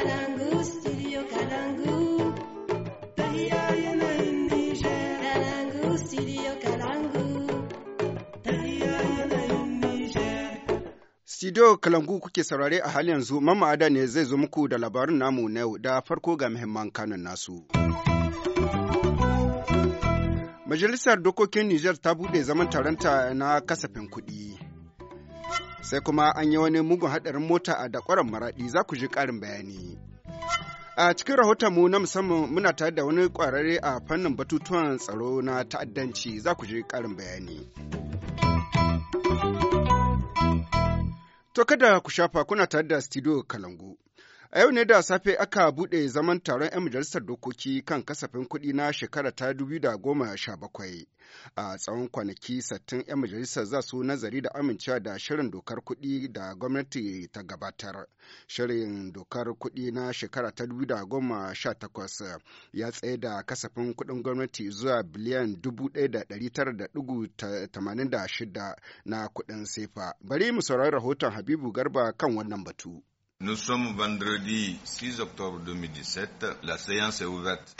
Kalangu, studio Kalangu. kuke saurare a halin yanzu, Mamma Ada ne zai zo muku da labarin namu na yau da farko ga muhimman kanan nasu. Majalisar Dokokin Nijar ta buɗe zaman taronta na kasafin kuɗi. sai kuma an yi wani mugun haɗarin mota a dakwaran maraɗi za ku ji ƙarin bayani. A cikin rahoton mu na musamman muna tare da wani ƙwararre a fannin batutuwan tsaro na ta'addanci za ku ji ƙarin bayani. To kada ku shafa kuna tare da studio Kalangu. A yau ne da safe aka buɗe zaman taron 'yan majalisar dokoki kan kasafin kuɗi na shekara ta 2017. A tsawon kwanaki sattin 'yan majalisar za su nazari da amincewa da shirin dokar kuɗi da gwamnati ta gabatar. Shirin dokar kuɗi na shekara ta takwas ya tsaye da kasafin kuɗin gwamnati zuwa biliyan shida na kuɗin sefa. Bari mu saurari rahoton Habibu Garba kan wannan batu. Nous sommes vendredi 6 octobre 2017. La séance est ouverte.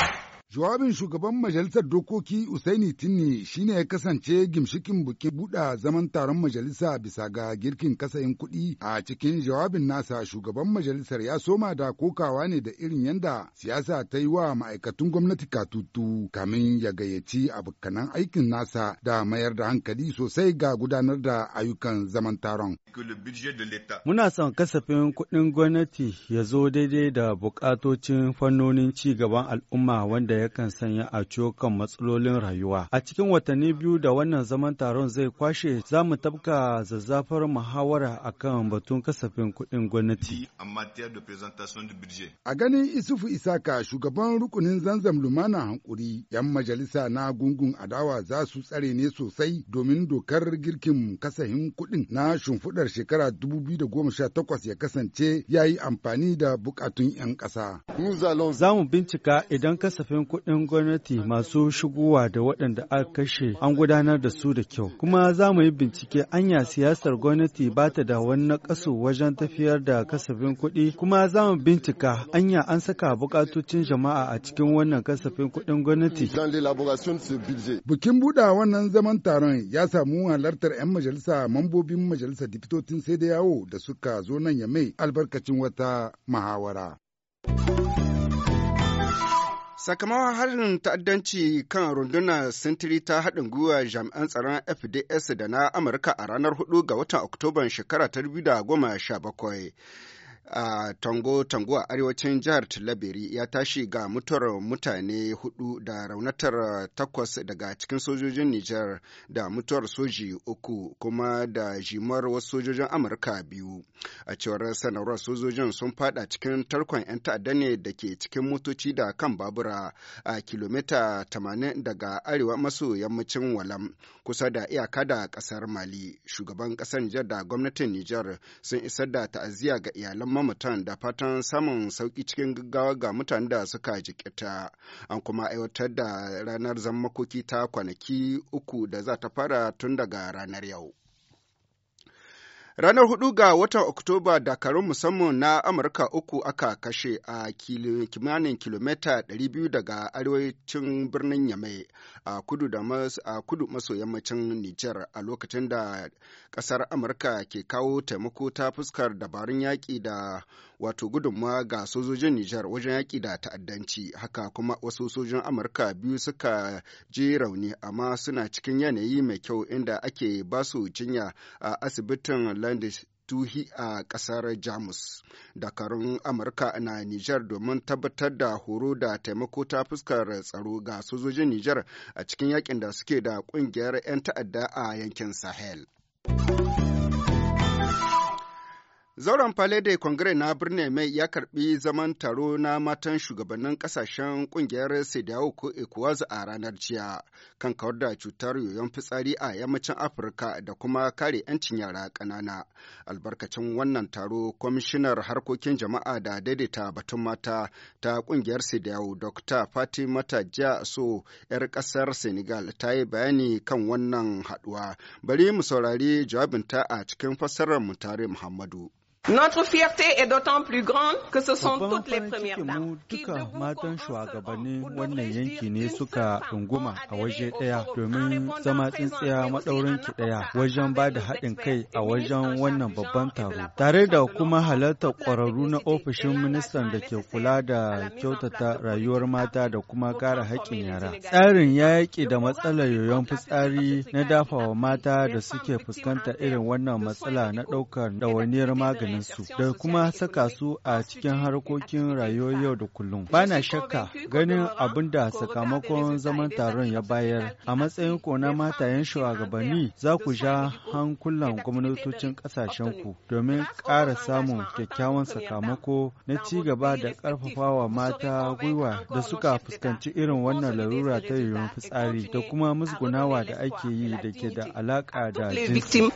Jawabin shugaban majalisar dokoki Usaini Tinni shine ya kasance gimshikin bukin buɗa zaman taron majalisa bisa ga girkin kasayin kuɗi a cikin jawabin nasa shugaban majalisar ya soma da kokawa ne da irin yanda siyasa ta yi wa ma'aikatun gwamnati katutu kamin ya gayyaci abokanan aikin nasa da mayar da hankali sosai ga gudanar da ayyukan zaman taron. Muna son kasafin kuɗin gwamnati ya zo daidai da bukatocin fannonin ci gaban al'umma wanda yakan sanya a cokan matsalolin rayuwa. A cikin watanni biyu da wannan zaman taron zai kwashe za mu tabka zazzafar muhawara kan batun kasafin kuɗin gwamnati. A ganin Isufu Isaka shugaban rukunin zanzam lumana hankuri, 'yan majalisa na gungun adawa za su tsare ne sosai domin dokar girkin kasafin kuɗin na shimfiɗar shekara 2018 ya kasance ya yi amfani da bukatun 'yan ƙasa. Za mu bincika idan kasafin kuɗin gwamnati masu shigowa da waɗanda aka kashe an gudanar da su da kyau. Kuma za mu yi bincike anya siyasar gwamnati ba ta da wani kaso wajen tafiyar da kasafin kuɗi. Kuma za mu bincika anya an saka bukatocin jama'a a cikin wannan kasafin kuɗin gwamnati. Bikin buɗa wannan zaman taron ya samu halartar 'yan majalisa mambobin Majalisa dipitocin sai da yawo da suka zo nan ya mai albarkacin wata muhawara. Sakamakon harin ta'addanci kan rundunar sintiri ta haɗin gwiwa jami'an tsaron FDS da na Amurka a ranar 4 ga watan Oktoban shekara ta 2017. a tango-tango a arewacin jihar Tilaberi ya tashi ga mutuwar mutane hudu da raunatar takwas daga cikin sojojin Nijar da mutuwar soji uku kuma da jimar wasu sojojin Amurka biyu. A cewar sanarwar sojojin sun fada cikin tarkon 'yan ta'adda ne da ke cikin motoci da kan babura a kilomita 80 daga arewa maso yammacin Walam kusa da iyaka da kasar Mali. Shugaban kasar Nijar da gwamnatin Nijar sun isar da ta'aziyya ga iyalan mutum da fatan samun sauki cikin gaggawa ga mutanen da suka jikita an kuma aiwatar da ranar zammakoki ta kwanaki uku da za ta fara tun daga ranar yau. Ranar hudu ga watan Oktoba dakarun musamman na Amurka uku aka kashe a kimanin kilomita 200 daga arewacin birnin Yamai a kudu da kudu maso yammacin Nijar a lokacin da kasar Amurka ke kawo taimako ta fuskar dabarun yaƙi da wato gudunmawa ga sojojin Nijar wajen yaƙi da ta'addanci haka kuma wasu sojojin Amurka biyu suka je rauni amma suna cikin yanayi mai kyau inda ake basu jinya a asibitin Landis tuhi a ƙasar jamus dakarun amurka na nijar domin tabbatar da horo da taimako ta fuskar tsaro ga sojojin nijar a cikin yakin da suke da ƙungiyar 'yan ta'adda a yankin sahel Zauren da kongire na birnin mai ya karbi zaman taro na matan shugabannin kasashen kungiyar Sidiyawo ko Ekuwazu a ranar jiya kan kawar da cutar yoyon fitsari a yammacin Afirka da kuma kare 'yancin yara ƙanana. Albarkacin wannan taro, kwamishinar harkokin jama'a da daidaita batun mata ta kungiyar Sidiyawo Dr. Fatimata Jiya So 'yar ƙasar Senegal ta yi bayani kan wannan haɗuwa. Bari mu saurari jawabinta a cikin fassarar tare Muhammadu. Notre fierté est d'autant plus grande que ce sont toutes les premières dames. Duka matan shugabannin wannan yanki ne suka runguma a waje ɗaya domin zama tsintsiya madaurin ki ɗaya wajen ba da haɗin kai a wajen wannan babban taro. Tare da kuma halartar ƙwararru na ofishin ministan da ke kula da kyautata rayuwar mata da kuma kare haƙƙin yara. Tsarin ya yaƙi da matsalar yoyon fitsari na dafawa mata da suke fuskanta irin wannan matsala na ɗaukar ɗawainiyar magani da kuma saka su a cikin harkokin rayuwar yau da kullum. ba na shakka ganin abin da sakamakon zaman taron ya bayar a matsayin ko na matayen shugabanni za ku ja hankulan gwamnatocin ku domin ƙara samun kyakkyawan sakamako na ci gaba da ƙarfafawa mata gwiwa da suka fuskanci irin wannan larura ta yiwuwar fitsari da kuma musgunawa da ake yi da ke da alaƙa da jinsi.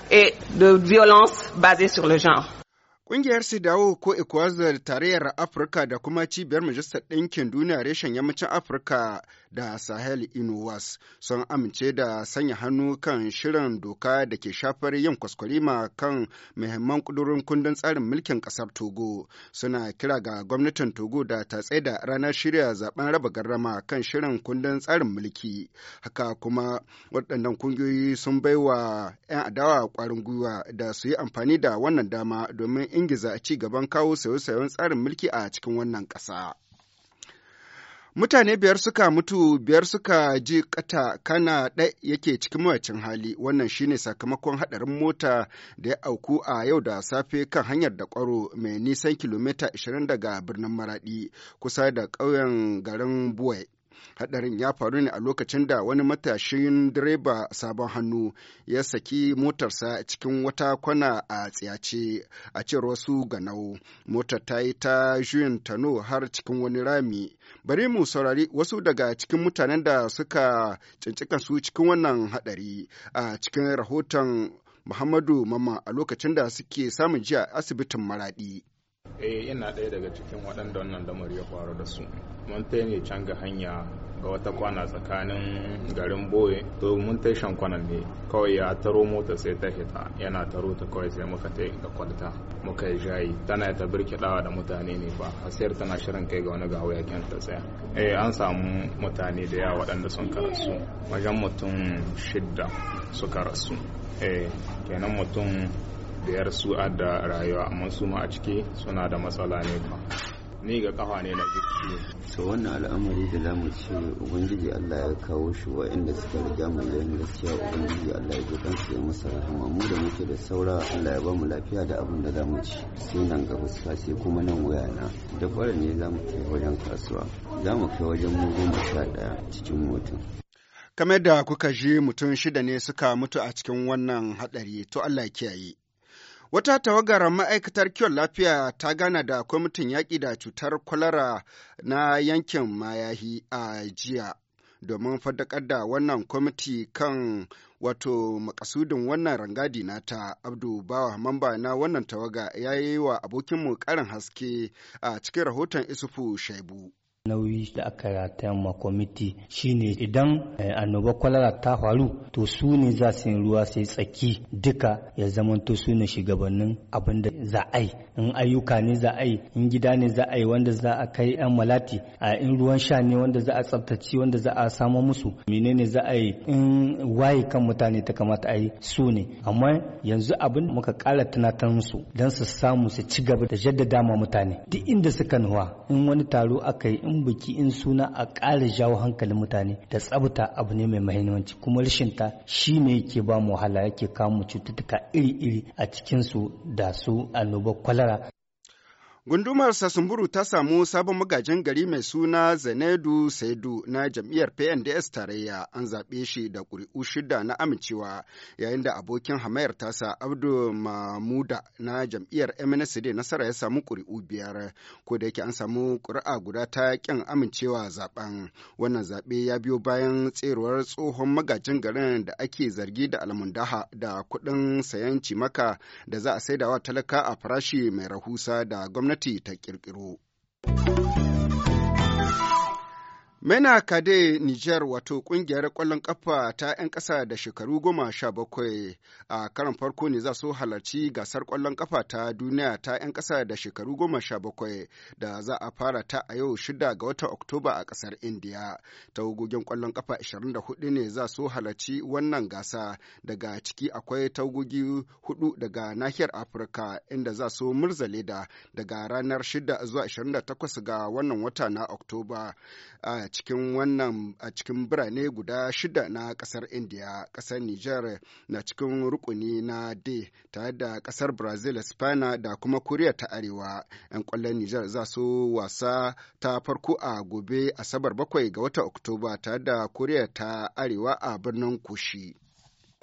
Ƙungiyar Sidawo ko Ekwazar Tarayyar Afirka da kuma Cibiyar Majalisar Ɗinkin Duniya reshen Yammacin Afirka da Sahel Inuwas sun amince da sanya hannu kan shirin doka da ke shafar yin kwaskwarima kan muhimman kudurin kundin tsarin mulkin kasar Togo. Suna kira ga gwamnatin Togo da ta da ranar shirya zaben raba garrama kan shirin kundin tsarin mulki. Haka kuma waɗannan kungiyoyi sun bai wa 'yan adawa kwarin gwiwa da su yi amfani da wannan dama domin ingiza ci gaban kawo sayo-sayon tsarin mulki a cikin wannan ƙasa. Mutane biyar suka mutu biyar suka ji kata kana ɗai yake cikin mawacin hali wannan shine sakamakon haɗarin mota da ya auku a yau da safe kan hanyar da kwaro mai nisan kilomita 20 daga birnin Maraɗi kusa da ƙauyen garin Buwai. hadarin ya faru ne a lokacin da wani matashin direba sabon hannu ya saki motarsa cikin wata kwana a tsiyace a cewar wasu ganau motar ta yi ta juyin tano har cikin wani rami bari mu saurari wasu daga cikin mutanen da suka cancikan su cikin wannan hadari a cikin rahoton muhammadu mama a lokacin da suke samun jiya asibitin maradi eh ina ɗaya daga cikin waɗanda wannan lamari ya faru da su mun ta ne canga hanya ga wata kwana tsakanin garin boye to mun ta shan kwanan ne kawai ya taro mota sai ta hita yana taro ta kawai sai muka ta ga kwalta muka yi jayi tana ta birkiɗawa da mutane ne ba hasiyar tana shirin kai ga wani gawo yakin ta tsaya eh an samu mutane da yawa waɗanda sun karasu wajen mutum shidda suka rasu eh kenan mutum biyar su da rayuwa amma su ma a ciki suna da matsala ne fa ni ga kafa ne na jiki so wannan al'amari da zamu ce ubangiji Allah ya kawo shi wa inda suka riga mu yayin gaskiya ubangiji Allah ya ji su ya masa rahama mu da muke da saura Allah ya ba lafiya da abin da zamu ci sai nan gaba su sai kuma nan wayana da kwarin ne zamu kai wajen kasuwa zamu kai wajen mu goma sha daya cikin mutum. kamar da kuka ji mutum shida ne suka mutu a cikin wannan hadari, to Allah kiyaye Wata tawagar ma'aikatar kiwon lafiya ta gana da kwamitin yaƙi da cutar kwalara na yankin Mayahi a jiya domin faddakar da wannan kwamiti kan wato makasudin wannan rangadi nata abdu bawa mamba na wannan tawaga ya yi wa abokinmu karin haske a cikin rahoton isufu shaibu nauyi da aka rata ma kwamiti shine idan eh, annoba kwalara ta faru to su ne za su yi ruwa sai tsaki duka ya zamanto su ne shugabannin abin da za a yi in ayyuka ne za a yi in gida ne za a yi wanda za a kai yan malati a in ruwan sha ne wanda za a tsaftace wanda za a samo musu menene za a yi in waye kan mutane ta kamata a yi su ne amma yanzu abin muka kara tunatar musu don su samu su ci gaba da jaddada ma mutane duk inda suka nuwa in wani taro aka yi yin biki in suna a ƙara jawo hankalin mutane da tsabta abu ne mai mahimmanci kuma rashin ta shi ne yake ba mu wahala yake kawo mu cututtuka iri-iri a cikin su da su annobar kwalara Gundumar Sassumburu ta samu sabon magajin gari mai suna Zanedu Saidu na jam'iyyar PNDS tarayya an zaɓe shi da ƙuri'u shida na amincewa yayin da abokin hamayar tasa Abdu Mamuda na jam'iyyar MNSD nasara ya samu ƙuri'u biyar ko da yake an samu ƙuri'a guda ta ƙin amincewa zaɓen. Wannan zaɓe ya biyo bayan tserewar tsohon magajin garin da ake zargi da almundaha da kuɗin sayan cimaka da za a saidawa talaka a farashi mai rahusa da gwamnati gwamnati ta ƙirƙiro. Mena Kade Niger wato kungiyar ƙwallon ƙafa ta 'yan ƙasa da shekaru goma sha bakwai a karon farko ne za su halarci gasar ƙwallon ƙafa ta duniya ta 'yan ƙasa da shekaru goma sha bakwai da za a fara ta a yau shida ga watan Oktoba a ƙasar Indiya. Tawagogin ƙwallon ƙafa 24 ne za su halarci wannan gasa daga ciki akwai tawagogi hudu daga nahiyar Afirka inda za su murzale da daga ranar shida zuwa 28 ga wannan wata na Oktoba. cikin wannan a cikin birane guda shida na kasar india kasar niger na cikin rukuni na d tare da kasar brazil spana da kuma koriya ta arewa 'yan kwallon niger za su wasa ta farko a gobe asabar bakwai ga wata oktoba tare da koriya ta arewa a birnin kushi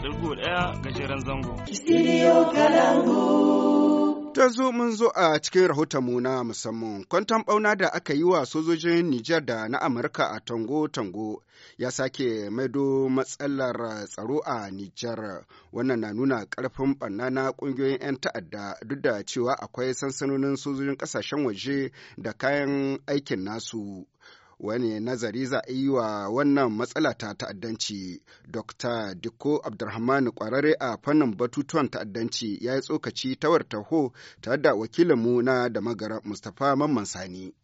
9.1 daya ga shirin zango. Ta zo mun zo a cikin rahotonmu na musamman, kwantan ɓauna da aka yi wa sojojin Nijar da na Amurka a Tango-Tango ya sake maido matsalar tsaro a Nijar. Wannan na nuna ƙarfin ɓanna na ƙungiyoyin 'yan ta'adda duk da cewa akwai sansanonin sojojin ƙasashen waje da kayan aikin nasu. wani nazari za a yi wa wannan matsala ta ta'addanci dr diko abdulrahman kwararre a fannin batutuwan ta'addanci ya yi tsokaci tawar taho tare da wakilinmu na da magara mustapha mamman sani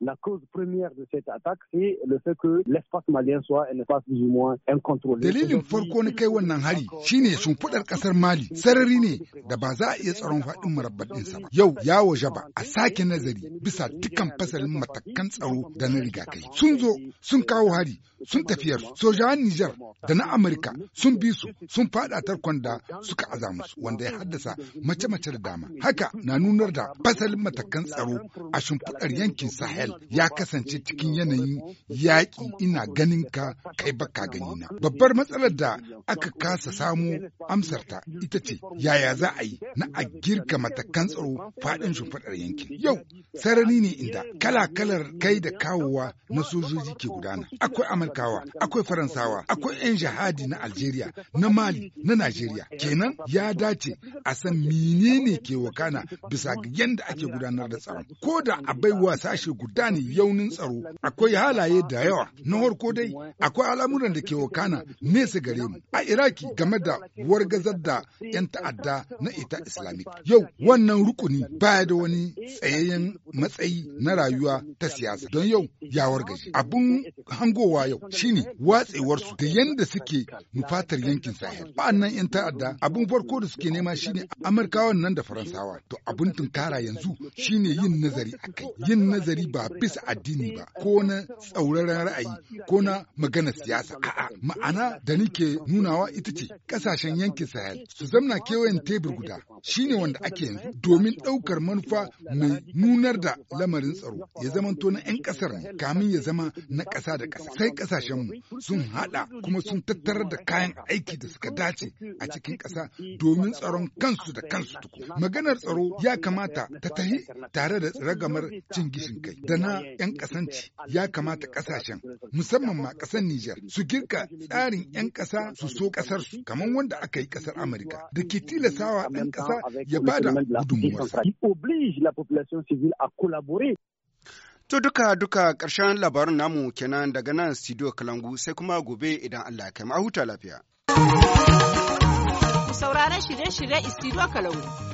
La cause première de cette attaque, c'est le fait que l'espace malien soit un espace plus ou moins incontrôlé. Dalilin farko na kai wannan hari shine shimfiɗar ƙasar Mali sarari ne da ba za a iya tsaron faɗin marabbaɗinsa ba. Yau ya waje ba a sake nazari bisa dukkan fasalin matakan tsaro da na rigakai. Sun zo sun kawo hari sun tafiyar sojan Nijar da na amerika sun bi su sun faɗa tarkon da suka aza musu wanda ya haddasa mace-mace da dama. Haka na nunar da fasalin matakan tsaro a shimfiɗar yankin Sahel. sahel ya kasance cikin yanayin yaƙi ina ganin ka kai baka gani na babbar matsalar da aka kasa samu amsarta ita ce yaya za a yi na a girka matakan tsaro faɗin shimfiɗar yankin yau sarari ne inda kala-kalar kai da kawowa na sojoji ke gudana akwai amurkawa akwai faransawa akwai 'yan jihadi na algeria na mali na najeriya kenan ya dace a san menene ke wakana bisa ga yadda ake gudanar da tsaron ko da a baiwa sashe guda cuta ne yaunin tsaro akwai halaye da yawa na harko dai akwai al'amuran da ke wakana nesa gare mu a iraki game da wargazar da 'yan ta'adda na ita islamic yau wannan rukuni baya da wani tsayayyen matsayi na rayuwa ta siyasa don yau ya wargaje abun hangowa yau shine watsewarsu da yanda suke nufatar yankin sahel ba'annan 'yan ta'adda abun farko da suke nema shine amurkawan nan da faransawa to abun tunkara yanzu shine yin nazari akai yin nazari ba ba bisa addini ba ko na tsauraran ra'ayi ko na magana siyasa a'a ma'ana da nike nunawa ita ce kasashen yankin sahel su zamna kewayen tebur guda shine wanda ake yanzu domin ɗaukar manufa mai nunar da lamarin tsaro ya zamanto na 'yan ƙasar ne kamin ya zama na ƙasa da ƙasa sai ƙasashenmu sun haɗa kuma sun tattara da kayan aiki da suka dace a cikin ƙasa domin tsaron kansu da kansu tuku maganar tsaro ya kamata ta tahi tare da ragamar cin gishin kai da na 'yan ƙasanci ya kamata ƙasashen, musamman ma ƙasar Nijar, su girka tsarin 'yan ƙasa su so su kamar wanda aka yi ƙasar Amurka, da ke tilasawa 'yan ƙasa ya ba da To duka duka karshen labarin namu kenan daga nan studio Kalangu sai kuma gobe idan Allah kai mu a huta lafiya. Ku sauraron shirye-shirye Studio Kalangu.